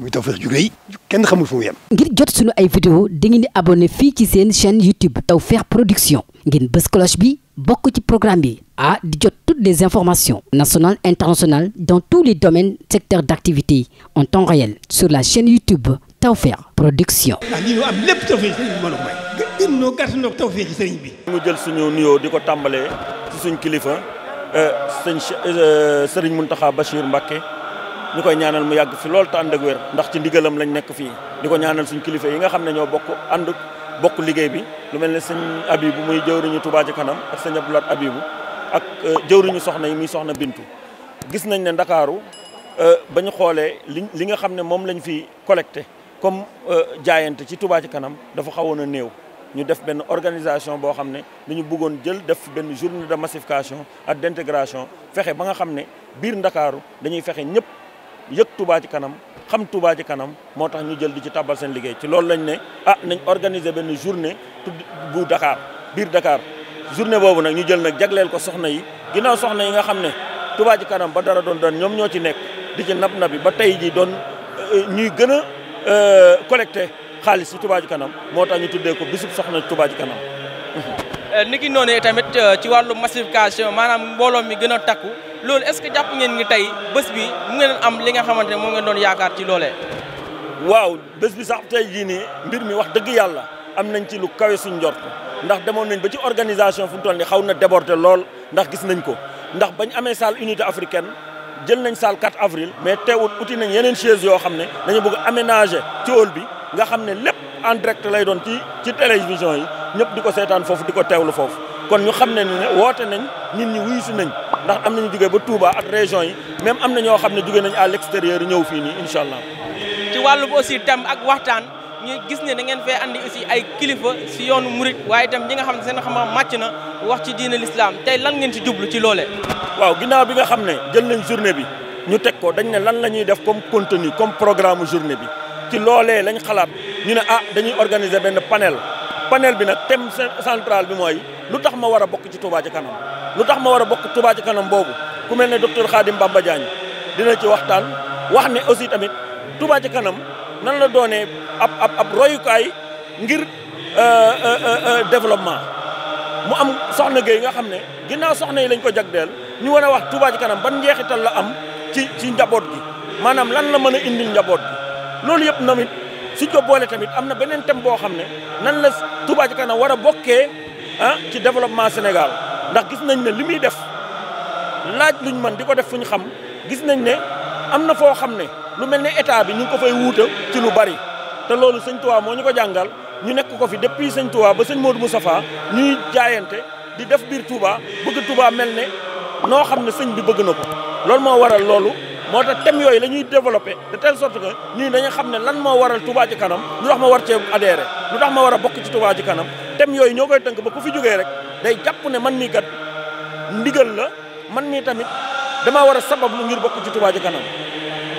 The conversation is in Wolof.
muy Tawfekh mu ngir jot sunu ay vidéo dangeen di abonné fii ci seen chaîne YouTube Tawfekh Production ngeen bës cloche bi bokk ci programme bi a di jot toutes des informations nationales internationales dans tous les domaines secteurs d'activité en temps réel sur la chaîne YouTube Tawfekh Production. ah lii am lépp Tawfekh sëriñ bi mën a may. gën noo gàtt noo mu jël suñu nuyoo di ko tàmbalee ci suñ kilifa euh, sëñ euh, Serigne Mountakha Bachir Mbacké. ñu koy ñaanal mu yàgg fi loolu te ànd ak wér ndax ci ndigalam lañ nekk fii di ko ñaanal suñ kilifa yi nga xam ne ñoo bokk ànd bokk liggéey bi lu mel ne sëñ Abibu muy jëwriñu Touba ci kanam ak sëñ Abdoulaat Abibu ak euh, jëwriñu soxna yi muy soxna Bintu gis nañ ne Ndakaaru euh, ba ñu xoolee li li nga xam ne moom lañ fi collecté comme euh, jaayante ci Touba ci kanam dafa xawoon a néew ñu def benn organisation boo xam ne dañu buggoon jël def benn journée de massification ak d'intégration fexe ba nga xam ne biir Ndakaaru dañuy fexe ñëpp yëg Touba kanam xam Touba ci kanam moo tax ñu jël di ci tàbbal seen liggéey ci loolu lañ ne ah nañ organiser benn journée tudd bu Dakar biir dakaar journée boobu nag ñu jël nag jagleel ko soxna yi ginnaaw soxna yi nga xam ne Touba ci kanam ba dara doon doon ñoom ñoo ci nekk di ci nab nabi ba tey ji doon euh, ñuy gën a euh, collecté xaalis ci Touba kanam moo tax ñu tuddee ko bisub soxna Touba ci kanam Euh, ni ki noonee tamit euh, ci wàllu massification maanaam mbooloo mi gën a takku loolu est-ce que jàpp ngeen ni tey bës bi mu ngeen am li nga xamante ne moom ngeen doon yaakaar ci loolee. waaw bës bi sax tey jii nii mbir mi wax dëgg yàlla am nañ ci lu kawe suñ jot ndax demoon nañ ba ci organisation fu mu toll ni xaw na déborder lool ndax gis nañ ko ndax bañ amee salle unité africaine jël nañ salle 4 avril mais teewut uti nañ yeneen chaise yoo xam ne dañu bëgg aménager ci hall bi nga xam ne lépp. en direct lay doon ci ci télévision yi ñëpp di ko seetaan foofu di ko teewlu foofu kon ñu xam ne ne woote nañ nit ñi wuyusi nañ ndax am na ñu jógee ba Touba ak région yi même am na ñoo xam ne jógee nañ à l'extérieur ñëw fii nii incha allah. ci wàllub aussi thème ak waxtaan ñu gis ne da ngeen fee andi aussi ay kilifa si yoonu murit waaye itam ñi nga xam ne seen xam-xam màcc na wax ci diine l'islam tey lan ngeen ci jublu ci loole waaw ginnaaw bi nga xam ne jël nañ journée bi ñu teg ko dañ ne lan la ñuy def comme contenu comme programme journée bi ci loolee lañ xalaat. ñu ne ah dañuy organiser benn panel panel bi nag thème central bi mooy lu tax ma war a bokk ci Touba ci kanam lu tax ma war a bokk Touba ci kanam boobu ku mel ne docteur Khadim Bamba Diagne dina ci waxtaan wax ne aussi tamit Touba ci kanam nan la doonee ab ab ab royukaay ngir euh, euh, euh, développement mu am soxna Gueye nga xam ne ginnaaw soxna yi lañ ko jagleel ñu war a wax Touba kanam ban njeexital la am ci ci njaboot gi maanaam lan la mën a indi njaboot gi loolu yëpp namit suñ ko boole tamit am na beneen thème boo xam ne nan la Touba Ca Kanam war a bokkee ah ci développement Sénégal ndax gis nañ ne li muy def laaj luñ mën di ko def fuñ xam gis nañ ne am na foo xam ne lu mel ne état bi ñu ngi ko fay wuuta ci lu bari te loolu sëñ Touba moo ñu ko jàngal ñu nekk ko fi depuis sëñ Touba ba sëñ Modou Moustapha ñuy jaayante di def biir Touba bëgg Touba mel ne noo xam ne sëñ bi bëgg na ko loolu moo waral loolu moo tax tem yooyu la ñuy développé de telle sorte que ñun dañu xam ne lan moo waral Touba ci kanam lu tax ma war cee adhéré lu tax ma war a bokk ci Touba ci kanam tem yooyu ñoo koy tënk ba ku fi jógee rek day jàpp ne man nii kat ndigal la man mii tamit damaa war a sabab lu ngir bokk ci Touba ci kanam